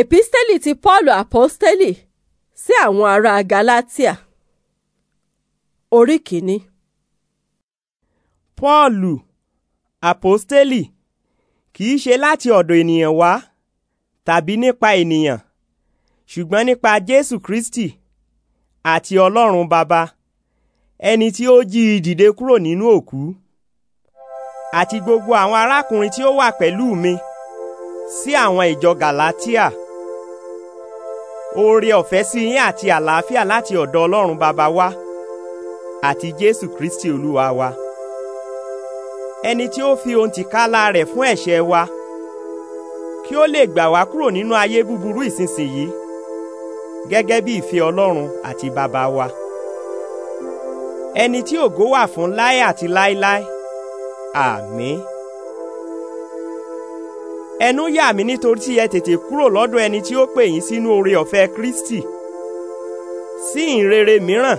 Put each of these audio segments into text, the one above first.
èpísítẹ́lì ti paul àpọ́stẹ́lì sí àwọn ará galatia orí kìíní. paul àpọ́stẹ́lì kìí ṣe láti ọ̀dọ̀ ènìyàn wá tàbí nípa ènìyàn ṣùgbọ́n nípa jésù kristi àti ọlọ́run bàbá ẹni tí ó jí i dìde kúrò nínú òkú àti gbogbo àwọn arákùnrin tí ó wà pẹ̀lú mi sí àwọn ìjọ galatia. Si oore ọ̀fẹ́ sí yín àti àlàáfíà láti ọ̀dọ̀ ọlọ́run bàbá wa àti jésù kristi olúwa wa ẹni tí ó fi ohun tìkálà rẹ̀ fún ẹ̀ṣẹ̀ wa kí ó lè gbà wá kúrò nínú ayé búburú ìsinsìnyí gẹ́gẹ́ bí ìfẹ́ ọlọ́run àti bàbá wa ẹni tí ògo wà fún láé àti láéláé àmín. Ah, ẹnu yà mí nítorí tí ẹ tètè kúrò lọ́dọ̀ ẹni tí ó pè yín sínú oore ọ̀fẹ́ Kristi sí ìrere mìíràn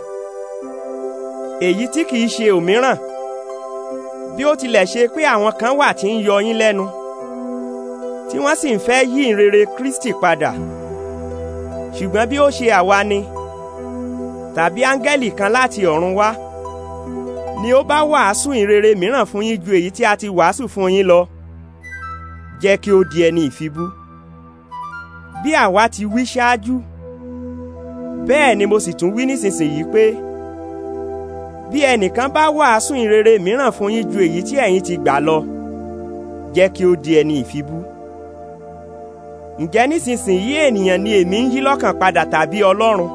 èyí tí kìí ṣe òmíràn bí ó tilẹ̀ ṣe pé àwọn kan wà tí ń yọ yín lẹ́nu tí wọ́n sì ń fẹ́ yí ìrere Kristi padà ṣùgbọ́n bí ó ṣe àwa ni tàbí áńgẹ́lì kan láti ọ̀run wá ni ó bá wàásù ìrere mìíràn fún yín ju èyí tí a ti wàásù fún yín lọ jẹ́ kí ó di ẹni ìfibú. Bí àwa ti wí ṣáájú, bẹ́ẹ̀ ni mo sì tún wí nísinsìnyí pé bí ẹnìkan bá wàásù ìrere mìíràn fún yín ju èyí tí ẹ̀yin ti gbà lọ jẹ́ kí ó di ẹni ìfibú. Ǹjẹ́ nísinsìnyí ènìyàn ni èmi ń yí lọ́kàn padà tàbí Ọlọ́run?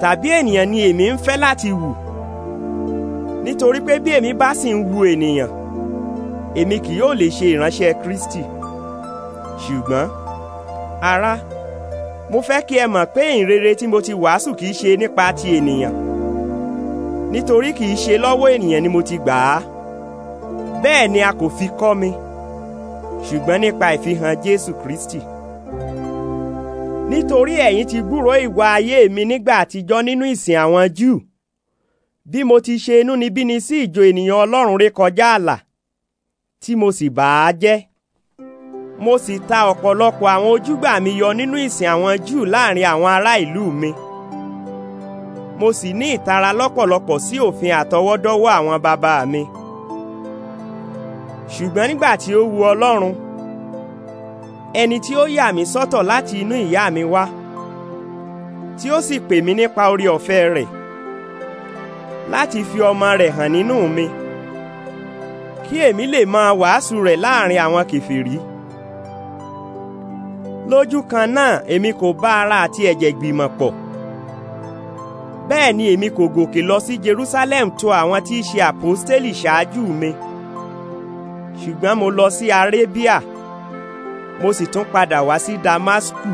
Tàbí ènìyàn ni èmi ń fẹ́ láti wù? Nítorí pé bí èmi bá sì ń wu ènìyàn, èmi kì yóò lè ṣe ìránṣẹ́ Kristi ṣùgbọ́n ará mo fẹ́ kí ẹ mọ̀ pé ìrere tí mo ti wàásù kìí ṣe nípa ti ènìyàn nítorí kìí ṣe lọ́wọ́ ènìyàn ni mo ti gbà á bẹ́ẹ̀ ni a kò fi kọ́ mi ṣùgbọ́n nípa ìfihàn Jésù Kristi nítorí ẹ̀yin ti gbúròó ìwà ayé mi nígbà àtijọ́ nínú ìsìn àwọn Júù bí mo ti ṣe inúnibíni sí ìjọ ènìyàn Ọlọ́run rékọjá ààlà tí mo sì bà á jẹ́ mo sì ta ọ̀pọ̀lọpọ̀ àwọn ojúgbà mi yọ nínú ìsìn àwọn Júù láàrin àwọn ará ìlú mi mo sì ní ìtara lọ́pọ̀lọpọ̀ sí òfin àtọwọ́dọ́wọ́ àwọn bàbá mi ṣùgbọ́n nígbà tí ó wu Ọlọ́run ẹni tí ó yà mí sọ́tọ̀ láti inú ìyá mi wá tí ó sì pè mí nípa oore ọ̀fẹ́ rẹ̀ láti fi ọmọ rẹ̀ hàn nínú mi. No kí èmi lè máa wàásù rẹ̀ láàrin àwọn kèfèrí lójú kan náà èmi kò bá ara àti ẹ̀jẹ̀ gbìmọ̀ pọ̀ bẹ́ẹ̀ ni èmi kò gòkè lọ sí Jerusalem tó àwọn tí í ṣe àpọ́stélì ṣáájú mi ṣùgbọ́n mo lọ sí Arabia mo sì tún padà wá sí Damasku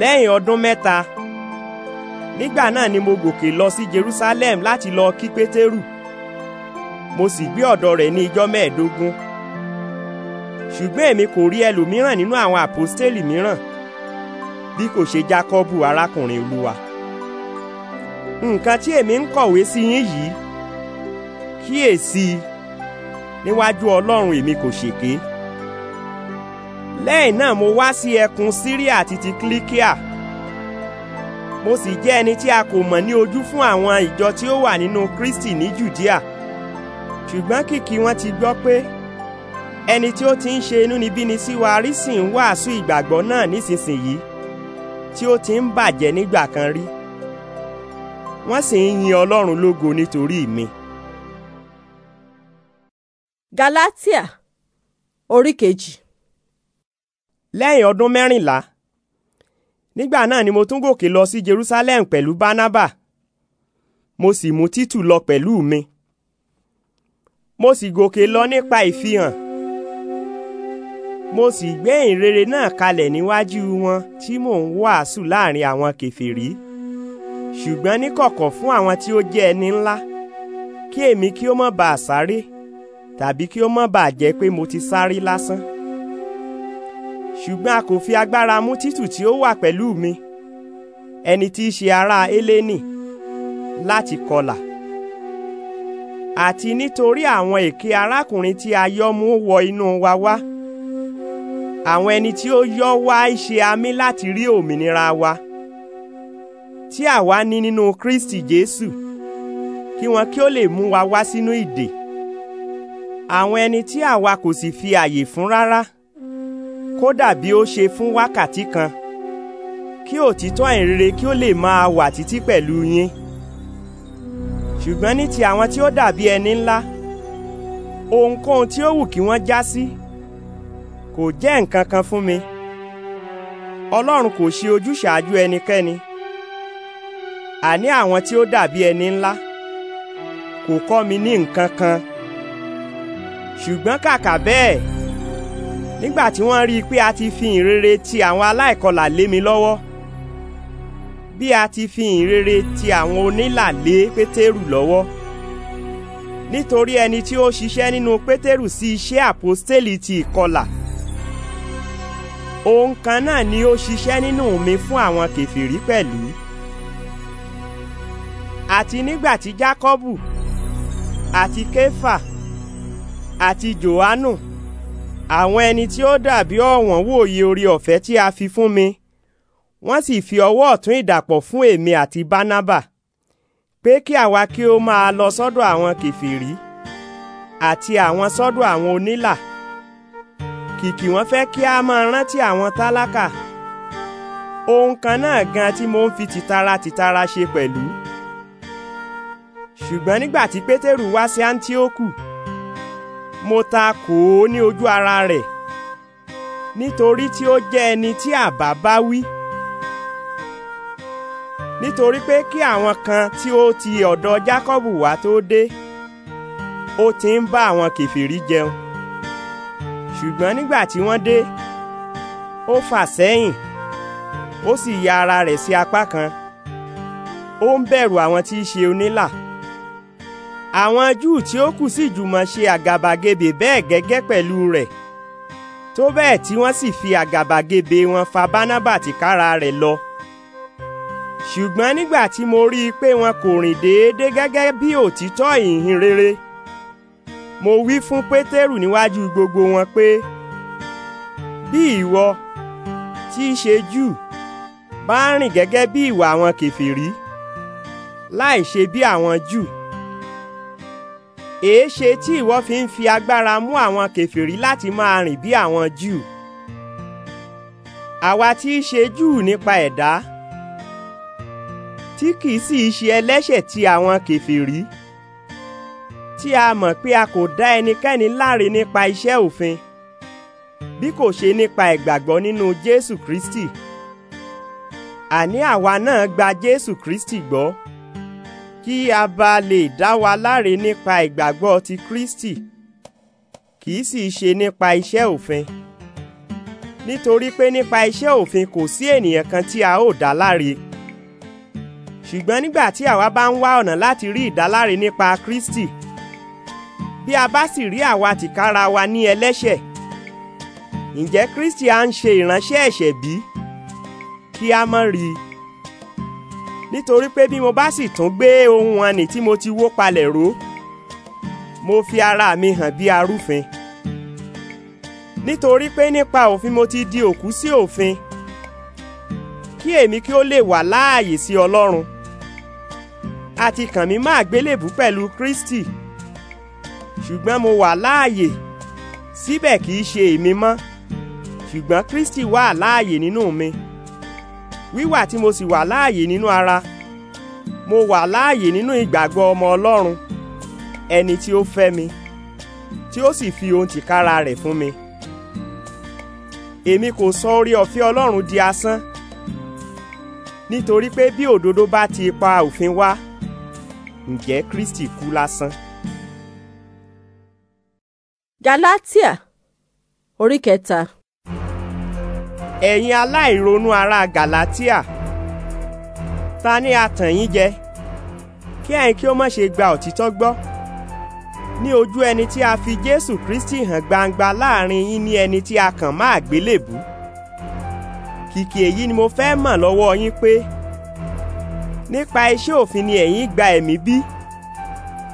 lẹ́yìn ọdún mẹ́ta nígbà náà ni mo gòkè lọ sí Jerusalem láti lọ kí Pétérù mo sì gbé ọ̀dọ̀ rẹ̀ ní ijọ́ mẹ́ẹ̀ẹ́dógún ṣùgbọ́n èmi kò rí ẹlòmíràn nínú àwọn àpọ́stélì mìíràn bí kò ṣe Jákọ́bù arákùnrin Olúwa nǹkan tí èmi ń kọ̀wé sí yín yìí kíyèsí níwájú Ọlọ́run èmi kò ṣèké lẹ́yìn náà mo wá sí ẹkùn Síríà àti ti Kílíkíà mo sì jẹ́ ẹni tí a kò mọ̀ ní ojú fún àwọn ìjọ tí ó wà nínú Kristi ní Jùdíà ṣùgbọ́n kìkì wọn ti gbọ́ pé ẹni tí ó ti ń ṣe inúnibíni sí wa rí sì ń wàásù ìgbàgbọ́ náà nísinsìnyí tí ó ti ń bàjẹ́ nígbà kan rí wọ́n sì ń yin Ọlọ́run lógo nítorí mi. Galatia orí kejì. lẹ́yìn ọdún mẹ́rìnlá nígbà náà ni mo tún gòkè lọ sí Jerusalem pẹ̀lú Bánábà mo sì mú Títù lọ pẹ̀lú mi mo sì gòkè lọ nípa ìfihàn mo sì gbé ìrere náà kalẹ̀ níwájú wọn tí mò ń wàásù láàrin àwọn kèfèrí ṣùgbọ́n níkọ̀kọ̀ fún àwọn tí ó jẹ́ ẹni ńlá kí èmi kí ó má bàa sáré tàbí kí ó má bàa jẹ́ pé mo ti sáré lásán ṣùgbọ́n a kò fi agbára mú títù tí ó wà pẹ̀lú mi ẹni tí í ṣe ará eléni láti kọlà àti nítorí àwọn èké arákùnrin tí a yọ́ mú wọ inú wa wá àwọn ẹni tí ó yọ́ wá ṣe amí láti rí òmìnira wa tí àwa ní nínú Kristi Jésù kí wọn kí ó lè mú wa wá sínú ìdè àwọn ẹni tí àwa kò sì fi àyè fún rárá kódà bí ó ṣe fún wákàtí kan kí òtítọ́ ìrere kí ó lè máa wà títí pẹ̀lú yín ṣùgbọ́n ní ti àwọn tí ó dàbí ẹni ńlá ohunkóhun tí ó wù kí wọ́n já sí kò jẹ́ nǹkan kan fún mi Ọlọ́run kò ṣe ojúṣàájú ẹnikẹ́ni àní àwọn tí ó dàbí ẹni ńlá kò kọ́ mi ní nǹkan kan ṣùgbọ́n kàkà bẹ́ẹ̀ nígbà tí wọ́n rí i pé a ti fi ìrere ti àwọn aláìkọlà lé mi lọ́wọ́ bí a ti fi ìhìnrere ti àwọn onílà lé pétérù lọ́wọ́ nítorí ẹni tí ó ṣiṣẹ́ nínú pétérù sí iṣẹ́ àpọ́stélì ti ìkọlà òun kan náà ni ó ṣiṣẹ́ nínú mi fún àwọn kèfèrí pẹ̀lú àti nígbà tí jákọ́bù àti kéfà àti jòhánù àwọn ẹni tí ó dàbí ọ̀wọ́n wòye oore ọ̀fẹ́ tí a fi fún mi wọ́n sì fi ọwọ́ ọ̀tún ìdàpọ̀ fún èmi àti Bánábà pé kí àwa kí ó máa lọ sọ́dọ̀ àwọn kèfèrí àti àwọn sọ́dọ̀ àwọn onílà kìkì wọ́n fẹ́ kí a máa rántí àwọn tálákà ohun kan náà gan tí mo ń fi tìtara tìtara ṣe pẹ̀lú ṣùgbọ́n nígbà tí Pétérù wá sí Áńtíókù mo ta kò ó ní ojú ara rẹ̀ nítorí tí ó jẹ́ ẹni tí àbá bá wí nítorí pé kí àwọn kan tí ó ti ọ̀dọ̀ Jákọ́bù wá tó dé ó ti ń bá àwọn kèfèrí jẹun ṣùgbọ́n nígbà tí wọ́n dé ó fà sẹ́yìn ó sì ya ara rẹ̀ sí apá kan ó ń bẹ̀rù àwọn tí í ṣe onílà àwọn Júù tí ó kù sì jùmọ̀ ṣe àgàbàgebè bẹ́ẹ̀ gẹ́gẹ́ pẹ̀lú rẹ̀ tó bẹ́ẹ̀ tí wọ́n sì fi àgàbàgebè wọn fa Bánábà tìkára rẹ̀ lọ ṣùgbọ́n nígbà tí mo rí i pé wọn kò rìn déédéé gẹ́gẹ́ bí òtítọ́ ìhìn rere mo wí fún pétérù níwájú gbogbo wọn pé bí ìwọ tí í ṣe jù bá ń rìn gẹ́gẹ́ bí ìwà àwọn kèfèrí láì ṣe bí àwọn jù èéṣe tí ìwọ fi ń fi agbára mú àwọn kèfèrí láti máa rìn bí àwọn jù àwa tí í ṣe jù nípa ẹ̀dá. E tí kìí sì í ṣe ẹlẹ́ṣẹ̀ ti àwọn kèfèrí tí a mọ̀ pé a kò dá ẹnikẹ́ni láre nípa iṣẹ́ òfin bí kò ṣe nípa ìgbàgbọ́ nínú Jésù Kristi àní àwa náà gba Jésù Kristi gbọ́ kí a bá lè dá wa láre nípa ìgbàgbọ́ ti Kristi kìí sì ṣe nípa iṣẹ́ òfin nítorí pé nípa iṣẹ́ òfin kò sí ènìyàn kan tí a ó dá láre ṣùgbọ́n nígbà tí àwa bá ń wá ọ̀nà láti rí ìdáláre nípa Kristi bí a bá sì rí àwa tìkára wa ní ẹlẹ́ṣẹ̀ ǹjẹ́ Kristi à ń ṣe ìránṣẹ́ ẹ̀ṣẹ̀ bí kí a mọ̀ rí i nítorí pé bí mo bá sì tún gbé ohun àní tí mo ti wó palẹ̀ ró mo fi ara mi hàn bí arúfin nítorí pé nípa òfin mo ti di òkú sí òfin kí èmi kí ó lè wà láàyè sí Ọlọ́run a ti kàn mí mọ́ àgbélébù pẹ̀lú Kristi ṣùgbọ́n mo wà láàyè síbẹ̀ kìí ṣe èmi mọ́ ṣùgbọ́n Kristi wà láàyè nínú mi wíwà tí mo sì wà láàyè nínú ara mo wà láàyè nínú ìgbàgbọ́ ọmọ Ọlọ́run ẹni tí ó fẹ́ mi tí ó sì fi ohun tìkára rẹ̀ fún mi èmi kò sọ orí ọ̀fẹ́ Ọlọ́run di asán nítorí pé bí òdodo bá ti pa òfin wá ǹjẹ́ Kristi kú lásán. Galatia orí kẹta. ẹ̀yin aláìronú ará Galatia ta ni a tàn yín jẹ kí ẹ̀yin kí ó má ṣe gba òtítọ́ gbọ́ ní ojú ẹni tí a fi Jésù Kristi hàn gbangba láàrin yín ní ẹni tí a kàn má àgbélébùú kìkì èyí ni mo fẹ́ mọ̀ lọ́wọ́ yín pé nípa iṣẹ́ òfin ni ẹ̀yin gba ẹ̀mí bí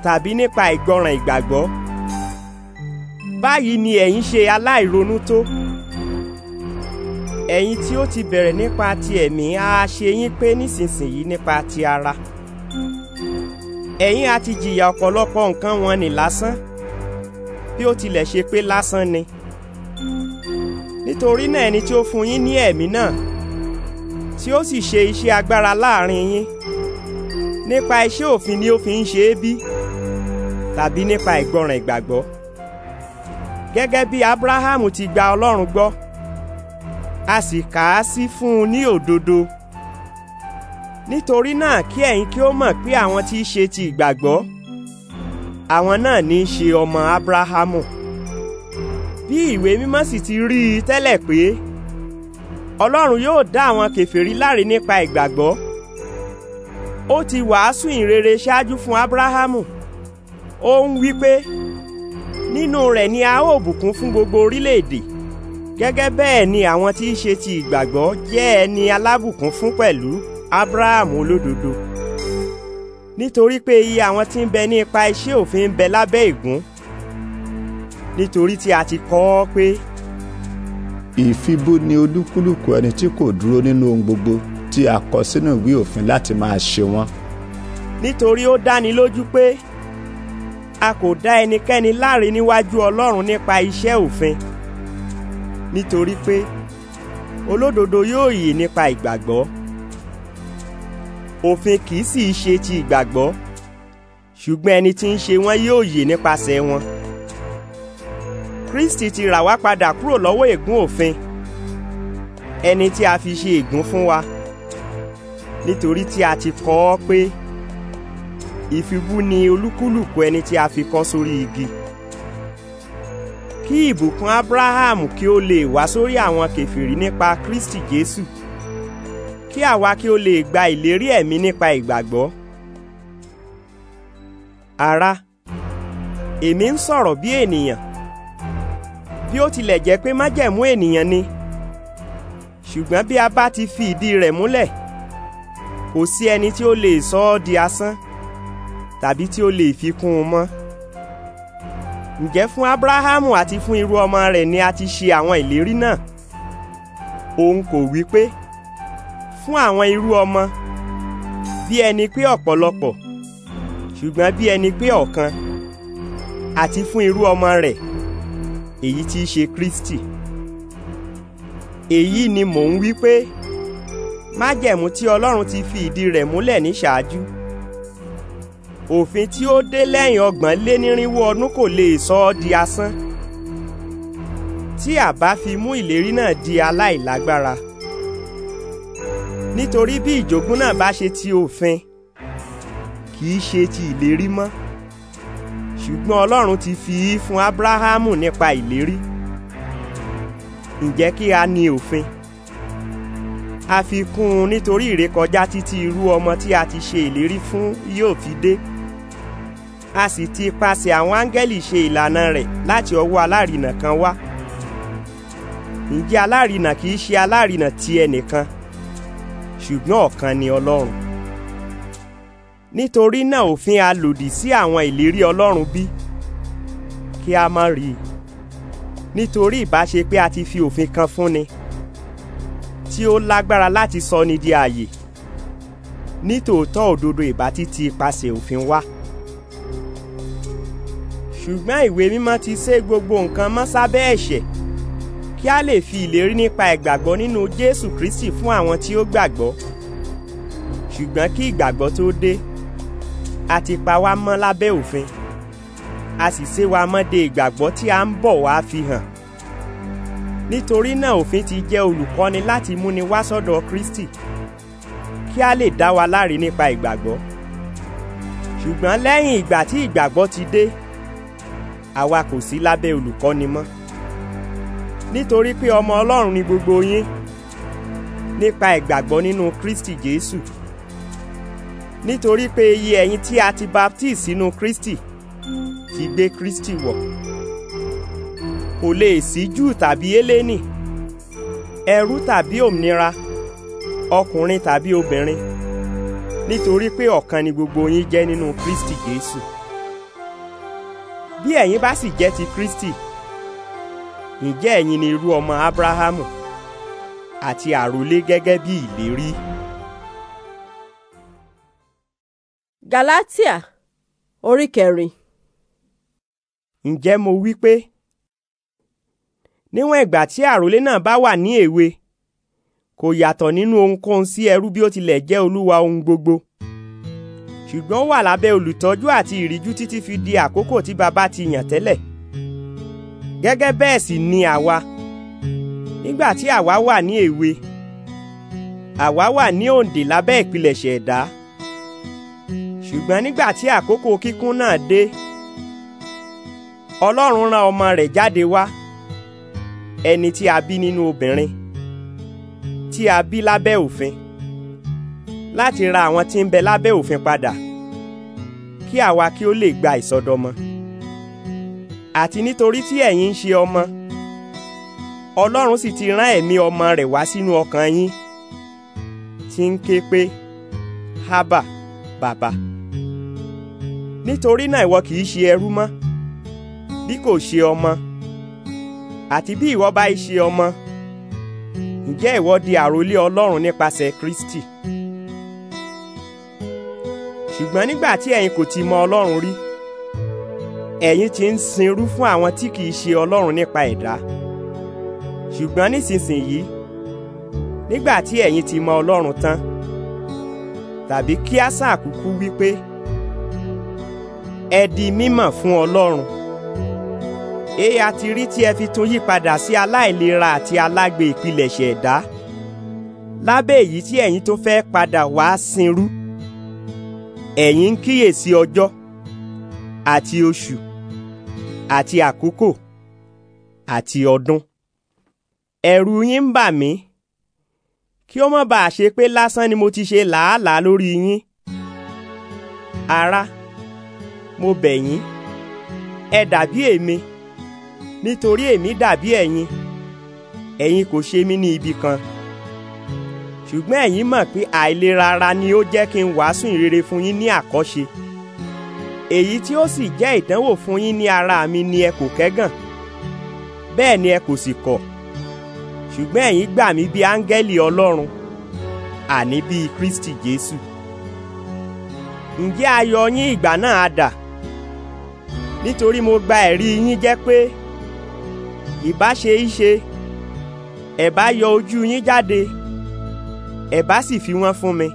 tàbí nípa ìgbọràn ìgbàgbọ́ báyìí ni ẹ̀yin ṣe aláìronú tó ẹ̀yin tí ó ti bẹ̀rẹ̀ nípa ti ẹ̀mí á ṣe yín pé nísinsìnyí nípa ti ara ẹ̀yin á ti jìyà ọ̀pọ̀lọpọ̀ nǹkan wọn nì lásán bí ó tilẹ̀ ṣe pé lásán ni nítorí náà ẹni tí ó fún yín ní ẹ̀mí náà tí ó sì ṣe iṣẹ́ agbára láàrin yín nípa iṣẹ́ òfin ni ó fi ń ṣe é bí tàbí nípa ìgbọràn ìgbàgbọ́ gẹ́gẹ́ bí Abrahamu ti gba Ọlọ́run gbọ́ a sì kà á sí fún un ní òdodo nítorí náà kí ẹ̀yin kí ó mọ̀ pé àwọn tí í ṣe ti ìgbàgbọ́ àwọn náà ní í ṣe ọmọ Abrahamu bí ìwé mímọ́ sì ti rí i tẹ́lẹ̀ pé ọlọ́run yóò dá àwọn kèfèrí láre nípa ìgbàgbọ́ ó ti wàásù ìrere ṣáájú fún abrahamu ó ń wí pé nínú rẹ̀ ni a ó bùkún fún gbogbo orílẹ̀-èdè gẹ́gẹ́ bẹ́ẹ̀ ni àwọn tí í ṣe ti ìgbàgbọ́ jẹ́ ẹni alábùkún fún pẹ̀lú abrahamu olódodo nítorí pé iye àwọn tí ń bẹ ní ipa iṣẹ́ òfin ń bẹ lábẹ́ ìgún nítorí tí a ti kọ ọ́ pé ìfibú ni olúkúlùkù ẹni tí kò dúró nínú ohun gbogbo tí a kọ sínú ìwé òfin láti máa ṣe wọ́n. nítorí ó dáni lójú pé a kò dá ẹnikẹ́ni láre níwájú ọlọ́run nípa iṣẹ́ òfin nítorí pé olódodo yóò yè nípa ìgbàgbọ́ òfin kì í sì í ṣe ti ìgbàgbọ́ ṣùgbọ́n ẹni tí ń ṣe wọ́n yóò yè nípasẹ̀ wọn. Kristi ti rà wá padà kúrò lọ́wọ́ ègún òfin ẹni tí a fi ṣe ègún fún wa nítorí tí a ti kọ ọ́ pé ìfibú ni olúkúlùkù ẹni tí a fi kọ́ sórí igi kí ìbùkún Ábúráhámù kí ó lè wá sórí àwọn kèfèrí nípa Kristi Jésù kí àwa kí ó lè gba ìlérí ẹ̀mí nípa ìgbàgbọ́ ará èmi ń sọ̀rọ̀ bí ènìyàn bí ó tilẹ̀ jẹ́ pé májẹ̀mú ènìyàn ni ṣùgbọ́n bí a bá ti fi ìdí rẹ̀ múlẹ̀ kò sí ẹni tí ó lè sọ ọ́ di asán tàbí tí ó lè fi kún un mọ́ ǹjẹ́ fún Ábúráhámù àti fún irú ọmọ rẹ̀ ni a ti ṣe àwọn ìlérí náà òun kò wí pé fún àwọn irú ọmọ bí ẹni pé ọ̀pọ̀lọpọ̀ ṣùgbọ́n bí ẹni pé ọ̀kan àti fún irú ọmọ rẹ̀ èyí tí í ṣe Kristi èyí ni mò ń wí pé májẹ̀mú tí Ọlọ́run ti fi ìdí rẹ̀ múlẹ̀ ní ṣáájú òfin tí ó dé lẹ́yìn ọgbọ̀n lé nírínwó ọdún kò lè sọ ọ́ di asán tí a fi mú ìlérí náà di aláìlágbára nítorí bí ìjogún náà bá ṣe ti òfin kì í ṣe ti ìlérí mọ́. ṣùgbọ́n ọlọ́run ti fi í fún abrahamu nípa ìlérí ǹjẹ́ kí a ní òfin a fi kún un nítorí ìrékọjá títí irú ọmọ tí a ti ṣe ìlérí fún yóò fi dé a sì ti pasẹ̀ àwọn áńgẹ́lì ṣe ìlànà rẹ̀ láti ọwọ́ alárinà kan wá ǹjẹ́ alárinà kì í ṣe alárinà ti ẹnìkan ṣùgbọ́n ọ̀kan ni ọlọ́run nítorí náà òfin a lòdì sí àwọn ìlérí Ọlọ́run bí kí a má rí i nítorí ìbáṣe pé a ti fi òfin kan fúnni tí ó lágbára láti sọ di ààyè nítòótọ́ òdodo ìbá ti ti ipasẹ̀ òfin wá ṣùgbọ́n ìwé mímọ́ ti ṣe gbogbo nǹkan mọ́ sábẹ́ ẹ̀ṣẹ̀ kí a lè fi ìlérí nípa ìgbàgbọ́ nínú Jésù Kristi fún àwọn tí ó gbàgbọ́ ṣùgbọ́n kí ìgbàgbọ́ tó dé a ti pa wá mọ́ lábẹ́ òfin a sì ṣe wa mọ́ de ìgbàgbọ́ tí a ń bọ̀ wá fi hàn nítorí náà òfin ti jẹ́ olùkọ́ni láti múni wá sọ́dọ̀ Kristi kí a lè dá wa láre nípa ìgbàgbọ́ ṣùgbọ́n lẹ́yìn ìgbà tí ìgbàgbọ́ ti dé àwa kò sí lábẹ́ olùkọ́ni mọ́ nítorí pé ọmọ Ọlọ́run ni gbogbo yín nípa ìgbàgbọ́ nínú Kristi Jésù nítorí pé iye ẹ̀yin tí a ti baptize sínú Kristi ti gbé Kristi wọ̀ kò lè sí Júù tàbí Élénì ẹrú tàbí òmìnira ọkùnrin tàbí obìnrin nítorí pé ọ̀kan ni gbogbo yín jẹ́ nínú Kristi Jésù bí ẹ̀yin bá sì jẹ́ ti Kristi ǹjẹ́ ẹ̀yin ni irú ọmọ Ábúráhámù àti àròlé gẹ́gẹ́ bí ìlérí. Galatia orí kẹrin. ǹjẹ́ mo wí pé níwọ̀n ìgbà tí àròlé náà bá wà ní èwe kò yàtọ̀ nínú ohunkóhun sí ẹrú bí ó tilẹ̀ jẹ́ olúwa ohun gbogbo ṣùgbọ́n ó wà lábẹ́ olùtọ́jú àti ìríjú títí fi di àkókò tí baba ti yàn tẹ́lẹ̀ gẹ́gẹ́ bẹ́ẹ̀ sì ni àwa nígbà tí àwa wà ní èwe àwa wà ní òǹdè lábẹ́ ìpilẹ̀ṣẹ̀ ẹ̀dá. E ṣùgbọ́n nígbà tí àkókò kíkún náà dé ọlọ́run rán ọmọ rẹ̀ jáde wá ẹni tí a bí nínú obìnrin tí a bí lábẹ́ òfin láti ra àwọn tí ń bẹ lábẹ́ òfin padà kí àwa kí ó lè gba ìsọdọmọ àti nítorí tí ẹ̀yin ń ṣe ọmọ ọlọ́run sì ti rán ẹ̀mí ọmọ rẹ̀ wá sínú ọkàn yín tí ń ké pé hábà bàbá nítorí náà ìwọ kì í ṣe ẹrú mọ́ bí kò ṣe ọmọ àti bí ìwọ bá ṣe ọmọ ǹjẹ́ ìwọ di àròlé Ọlọ́run nípasẹ̀ Kristi ṣùgbọ́n nígbà tí ẹ̀yin kò ti mọ Ọlọ́run rí ẹ̀yin ti ń sinrú fún àwọn tí kì ṣe Ọlọ́run nípa ẹ̀dá ṣùgbọ́n nísinsìnyí nígbà tí ẹ̀yin ti mọ Ọlọ́run tán tàbí kí a sáà kúkú ẹ di mímọ̀ fún Ọlọ́run E àti rí tí ẹ fi tún yí padà sí aláìlera àti alágbe ìpilẹ̀ṣẹ̀ ẹ̀dá lábẹ́ èyí tí ẹ̀yin tó fẹ́ padà wá sinrú ẹ̀yin ń kíyèsí ọjọ́ àti oṣù àti àkókò àti ọdún ẹ̀rù yín ń bà mí kí ó má bàa ṣe pé lásán ni mo ti ṣe làálàá lórí yín ará. mo bẹ̀ yín ẹ dàbí èmi nítorí èmi dàbí ẹ̀yin ẹ̀yin kò ṣe mí ní ibi kan ṣùgbọ́n ẹ̀yin mọ̀ pé àìlera ara ni ó jẹ́ kí n wàásù ìrere fún yín ní àkọ́ṣe èyí tí ó sì jẹ́ ìdánwò fún yín ní ara mi ni ẹ kò kẹ́gàn bẹ́ẹ̀ ni ẹ kò sì kọ̀ ṣùgbọ́n ẹ̀yin gbà mí bí áńgẹ́lì Ọlọ́run àní bí Kristi Jésù ǹjẹ́ ayọ̀ yín ìgbà náà á dà nítorí mo gba ẹ̀rí yín jẹ́ pé ìbá ṣe í ṣe ẹ̀ bá yọ ojú yín jáde ẹ̀ sì fi wọ́n fún mi.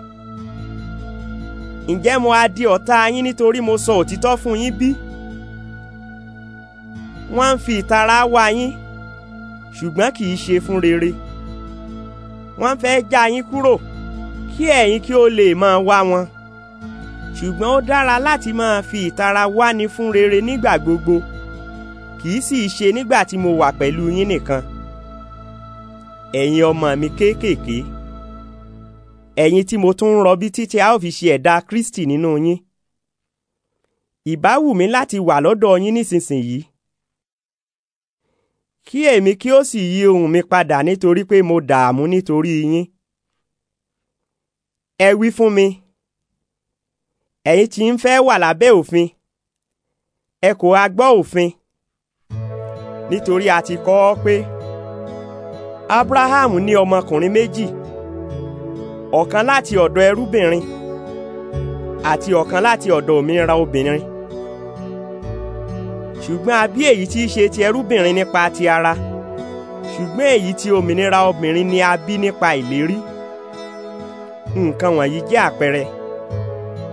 ǹjẹ́ mo á di ọ̀tá yín nítorí mo sọ òtítọ́ fún yín bí? wọ́n ń fi ìtara wá yín ṣùgbọ́n kì í ṣe fún rere. wọ́n fẹ́ já yín kúrò kí ẹ̀yin kí ó lè máa wá wọn ṣùgbọ́n ó dára láti máa fi ìtara wáni fún rere nígbà gbogbo kì í sì í ṣe nígbà tí mo wà pẹ̀lú yín nìkan ẹ̀yin ọmọ mi kéékèèké ẹ̀yin tí mo tún ń rọbí títí a ó fi ṣe ẹ̀dá Kristi nínú yín ìbá wù mí láti wà lọ́dọ̀ yín nísinsìnyí kí èmi kí ó sì yí ohùn mi padà nítorí pé mo dààmú nítorí yín ẹ wí fún mi ẹ̀yin tí ń fẹ́ wà lábẹ́ òfin ẹ kò ha gbọ́ òfin nítorí a ti kọ ọ́ pé Ábúráhámù ní ọmọkùnrin méjì ọ̀kan láti ọ̀dọ̀ ẹrúbìnrin àti ọ̀kan láti ọ̀dọ̀ òmìnira obìnrin ṣùgbọ́n a bí èyí tí í ṣe ti ẹrúbìnrin nípa ti ara ṣùgbọ́n èyí tí òmìnira obìnrin ni a bí nípa ìlérí nǹkan wọ̀nyí jẹ́ àpẹẹrẹ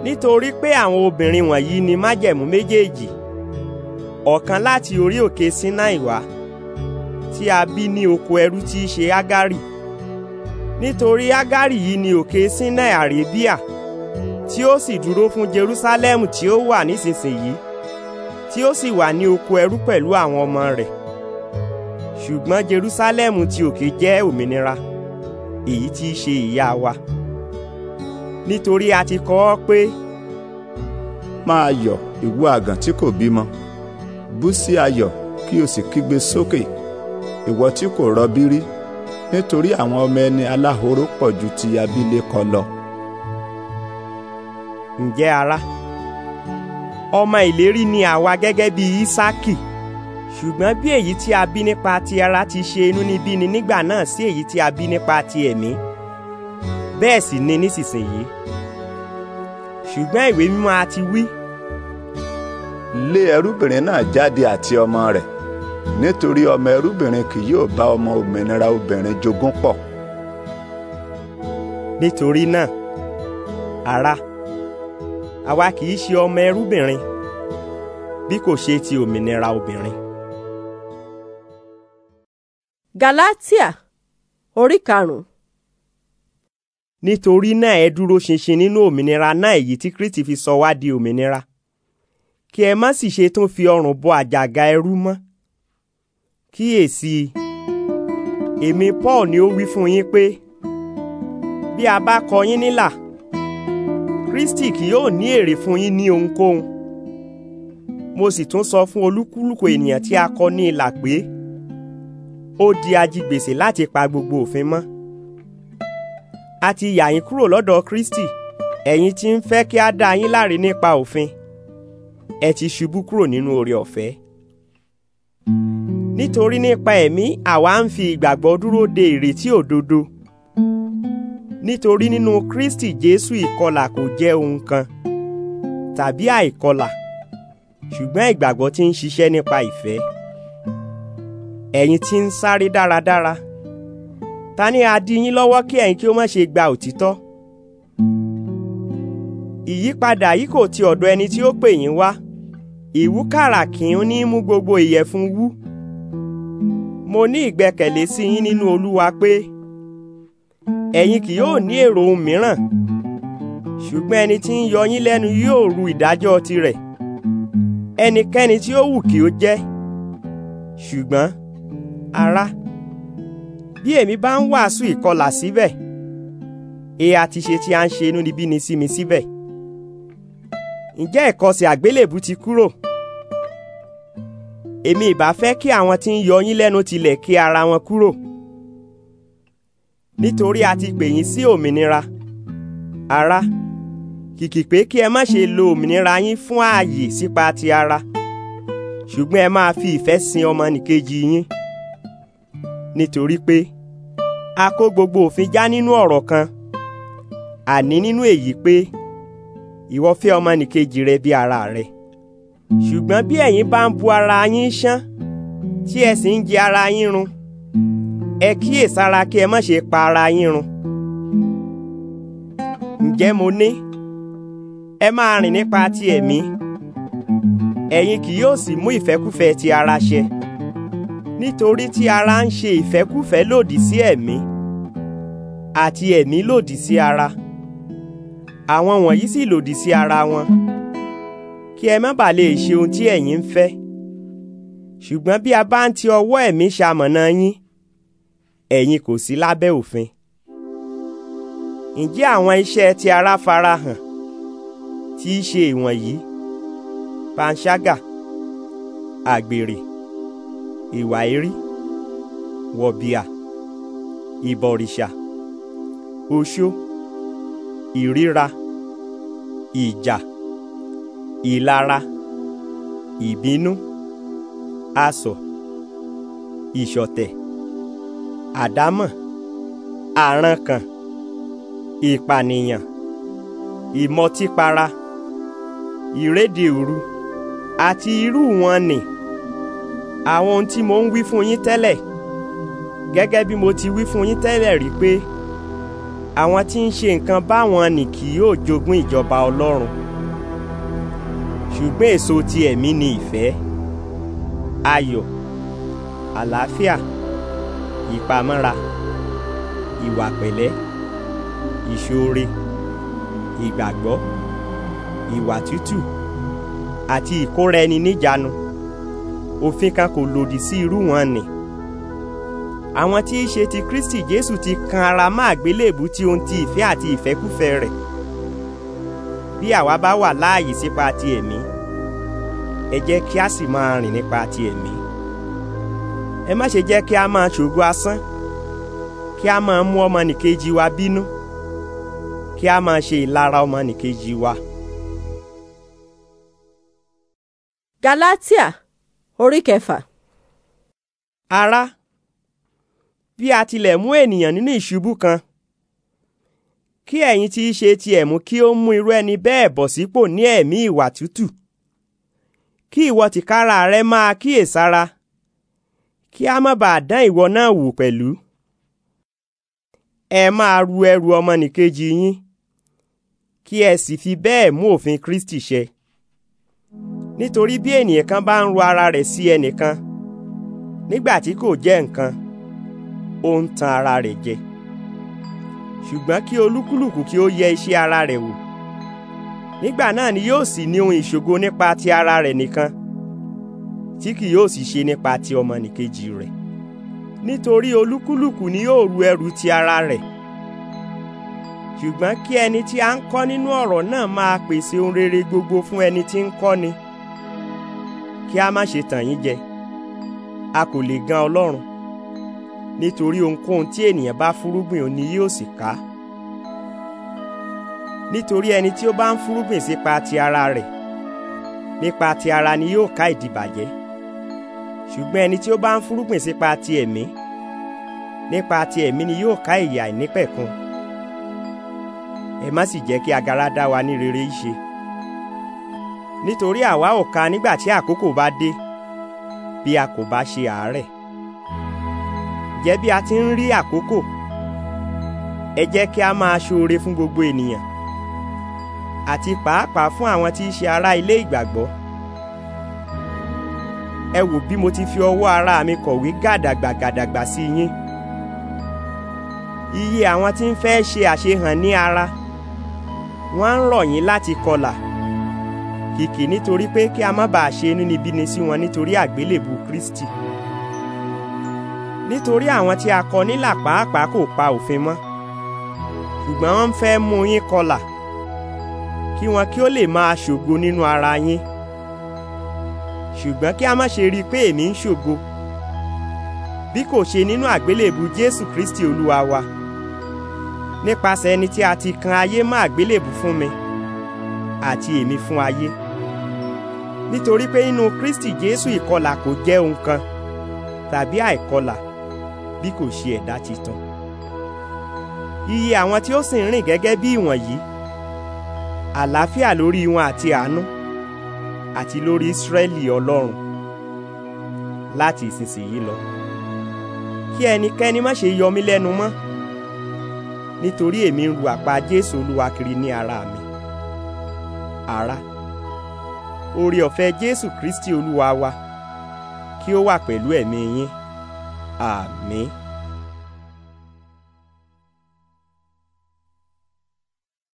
nítorí pé àwọn obìnrin wọ̀nyí ni májẹ̀mú méjèèjì ọ̀kan láti orí òkè Sinai wá tí a bí ní oko ẹrú tí í ṣe Ágárì nítorí Ágárì yìí ni òkè Sinai Arabia tí ó sì dúró fún Jerúsálẹ́mù tí ó wà nísinsìnyí tí ó sì wà ní oko ẹrú pẹ̀lú àwọn ọmọ rẹ̀ ṣùgbọ́n Jerusalem ti òkè jẹ́ òmìnira èyí tí í ṣe ìyá wa nítorí a ti kọ ọ́ pé. máa yọ̀ ìwọ àgàn tí kò bímọ bú sí ayọ̀ kí o sì kígbe sókè ìwọ tí kò rọbí rí nítorí àwọn ọmọ ẹni aláhoro pọ̀ ju ti abilékọ lọ. ǹjẹ́ ará ọmọ ìlérí ni àwa gẹ́gẹ́ bí Ísákì ṣùgbọ́n bí èyí tí a bí nípa ti ara ti ṣe inúnibíni nígbà náà sí èyí tí a bí nípa ti ẹ̀mí. E bẹ́ẹ̀ sì ni nísinsìnyí ṣùgbọ́n ìwé mímọ́ a ti wí. lé ẹrúbìnrin náà jáde àti ọmọ rẹ̀ nítorí ọmọ ẹrúbìnrin kì yóò bá ọmọ òmìnira obìnrin jogún pọ̀. nítorí náà ará àwa kì í ṣe ọmọ ẹrúbìnrin bí kò ṣe ti òmìnira obìnrin. Galatia orí karùn nítorí náà ẹ dúró ṣinṣin nínú òmìnira náà èyí tí Kristi fi sọ wá di òmìnira kí ẹ má sì ṣe tún fi ọrùn bọ àjàgà ẹrú mọ́ kíyèsí èmi Paul ni ó wí fún yín pé bí a bá kọ yín nílà Kristi kì yóò ní èrè fún yín ní ohunkóhun mo sì tún sọ fún olúkúlùkù ènìyàn tí a kọ ní ilà pé ó di ajigbèsè láti pa gbogbo òfin mọ́ a ti yà yín kúrò lọ́dọ̀ Kristi ẹ̀yin tí ń fẹ́ kí a dá yín láre nípa òfin ẹ ti ṣubú kúrò nínú oore ọ̀fẹ́ nítorí nípa ẹ̀mí àwa ń fi ìgbàgbọ́ dúró de ìrètí òdodo nítorí nínú Kristi Jésù ìkọlà kò jẹ́ ohun kan tàbí àìkọlà ṣùgbọ́n ìgbàgbọ́ tí ń ṣiṣẹ́ nípa ìfẹ́ ẹ̀yin tí ń sáré dáradára. Dára ta ni a dí yín lọ́wọ́ kí ẹ̀yin kí ó má ṣe gba òtítọ́ ìyípadà yìí kò ti ọ̀dọ̀ ẹni tí ó pè yín wá ìwúkàrà kì í ní mú gbogbo ìyẹ̀fun wú mo ní ìgbẹ́kẹ̀lé sí yín nínú olúwa pé ẹ̀yin kì yóò ní èrò ohun mìíràn ṣùgbọ́n ẹni tí ń yọ yín lẹ́nu yóò ru ìdájọ́ tirẹ̀ ẹnikẹ́ni tí ó wù kí ó jẹ́ ṣùgbọ́n ará bí èmi bá ń wàásù ìkọlà síbẹ̀ èé àti ṣe tí a ń ṣe inúnibíni sí mi síbẹ̀ ǹjẹ́ ìkọsẹ̀ àgbélébù ti kúrò èmi ìbá fẹ́ kí àwọn tí ń yọ yín lẹ́nu tilẹ̀ kí ara wọn kúrò nítorí a ti pè yín sí òmìnira ará kìkì pé kí ẹ má ṣe lo òmìnira yín fún ààyè sípa ti ara ṣùgbọ́n ẹ máa fi ìfẹ́ sin ọmọnìkejì yín nítorí pé a kó gbogbo òfin já nínú ọ̀rọ̀ kan àní nínú èyí pé ìwọ fẹ́ ọmọnìkejì rẹ bí ara rẹ ṣùgbọ́n bí ẹ̀yin bá ń bu ara yín ṣán tí ẹ sì ń jẹ ara yín run ẹ kíyèsára kí ẹ má ṣe pa ara yín run ǹjẹ́ mo ní ẹ máa rìn nípa ti ẹ̀mí ẹ̀yin kì yóò sì mú ìfẹ́kúfẹ̀ẹ́ ti ara ṣẹ nítorí tí ara ń ṣe ìfẹ́kúfẹ́ lòdì sí ẹ̀mí àti ẹ̀mí lòdì sí ara àwọn wọ̀nyí sì lòdì sí ara wọn kí ẹ má bàa lè ṣe ohun tí ẹ̀yin ń fẹ́ ṣùgbọ́n bí a bá ń ti ọwọ́ ẹ̀mí ṣamọ̀nà yín ẹ̀yin kò sí lábẹ́ òfin ǹjẹ́ àwọn iṣẹ́ ti ara farahàn tí í ṣe ìwọ̀nyí panṣágà àgbèrè ìwà èrí wọ̀bìà ìbọ̀rìṣà oṣó ìríra ìjà ìlara ìbínú asọ̀ ìṣọ̀tẹ̀ àdámọ̀ àrankàn ìpànìyàn ìmọtípara ìrédè àti irú wọn nì àwọn ohun tí mo ń wí fún yín tẹ́lẹ̀ gẹ́gẹ́ bí mo ti wí fún yín tẹ́lẹ̀ rí pé àwọn tí ń ṣe nǹkan báwọn nì kì yóò jogún ìjọba Ọlọ́run ṣùgbọ́n èso ti ẹ̀mí ni ìfẹ́ ayọ̀ àlàáfíà ìpamọ́ra ìwà pẹ̀lẹ́ ìṣoore ìgbàgbọ́ ìwà tútù àti ìkóra ẹni níjàánu òfin kan kò lòdì sí irú wọn nì àwọn tí í ṣe ti Kristi Jésù ti kan ara mọ́ àgbélébù tí ó ń ti ìfẹ́ àti ìfẹ́kúfẹ́ rẹ̀ bí àwa bá wà láàyè sípa ti ẹ̀mí ẹ jẹ́ kí a sì máa rìn nípa ti ẹ̀mí ẹ má ṣe jẹ́ kí a máa ṣògo asán kí a máa mú ọmọnìkejì wa bínú kí a máa ṣe ìlara ọmọnìkejì wa. Galatia orí kẹfà. ara bí a tilẹ̀ mú ènìyàn nínú ìṣubú kan kí ẹ̀yin tí í ṣe tiẹ̀ mú kí ó mú irú ẹni bẹ́ẹ̀ bọ̀ sípò ní ẹ̀mí ìwà tútù kí ìwọ tìkára rẹ máa kíyèsára kí a má bàa dán ìwọ náà wò pẹ̀lú ẹ máa ru ẹrù ọmọnìkejì yín kí ẹ sì fi bẹ́ẹ̀ mú òfin Kristi ṣẹ nítorí bí ènìyàn kan bá ń ro ara rẹ̀ sí ẹnìkan nígbà tí kò jẹ́ nǹkan ó ń tan ara rẹ̀ jẹ ṣùgbọ́n kí olúkúlùkù kí ó yẹ iṣẹ́ ara rẹ̀ wò nígbà náà ni yóò sì ní ohun ìṣògo nípa ti ara rẹ̀ nìkan tí kì yóò sì ṣe nípa ti ọmọnìkejì rẹ̀ nítorí olúkúlùkù ni yóò ru ẹrù ti ara rẹ̀ ṣùgbọ́n kí ẹni tí a ń kọ́ nínú ọ̀rọ̀ náà máa pèsè ohun rere gbogbo fún ẹni tí ń kọ́ni kí a má ṣe tàn yín jẹ a kò lè gan ọlọ́run nítorí ohunkóhun tí ènìyàn bá fúrúgbìn òní yóò sì ká nítorí ẹni tí ó bá ń fúrúgbìn sípa ti ara rẹ̀ nípa ti ara ni yóò ká ìdìbàjẹ́ ṣùgbọ́n ẹni tí ó bá ń fúrúgbìn sípa ti ẹ̀mí nípa ti ẹ̀mí ni yóò ká ìyà àìnípẹ̀kun ẹ má sì jẹ́ kí agara dá wa ní rere í ṣe nítorí àwa ò ka nígbà tí àkókò bá dé bí a kò bá ṣe àárẹ̀ jẹ́ bí a ti ń rí àkókò ẹ jẹ́ kí a máa ṣoore fún gbogbo ènìyàn àti pàápàá fún àwọn tí í ṣe ará ilé ìgbàgbọ́ ẹ wò bí mo ti fi ọwọ́ ara mi kọ̀wé gàdàgbà gàdàgbà sí yín iye àwọn tí ń fẹ́ ṣe àṣehàn ní ara wọ́n ń rọ̀ yín láti kọlà kìkì nítorí pé kí a má bàa ṣe inúnibíni sí wọn nítorí àgbélébù Kristi nítorí àwọn tí a kọ nílà pàápàá kò pa òfin mọ́ ṣùgbọ́n wọ́n ń fẹ́ mú yín kọlà kí wọn kí ó lè máa ṣògo nínú ara yín ṣùgbọ́n kí a má ṣe rí i pé èmi ń ṣògo bí kò ṣe nínú àgbélébù Jésù Kristi Olúwa wa nípasẹ̀ ẹni tí a ti kan ayé mọ́ àgbélébù fún mi àti èmi fún ayé nítorí pé nínú Kristi Jésù ìkọlà kò jẹ́ ohun kan tàbí àìkọlà bí kò ṣe ẹ̀dá titun iye àwọn tí ó sì ń rìn gẹ́gẹ́ bí ìwọ̀nyí àlàáfíà lórí wọn àti àánú àti lórí Ísírẹ́lì Ọlọ́run láti ìsinsìnyí lọ kí ẹnikẹ́ni má ṣe yọ mí lẹ́nu mọ́ nítorí èmi ń ru àpá Jésù Olúwa kiri ní ara mi ará oore ọ̀fẹ́ jésù kristi olúwa wa kí ó wà pẹ̀lú ẹ̀mí yín àmín.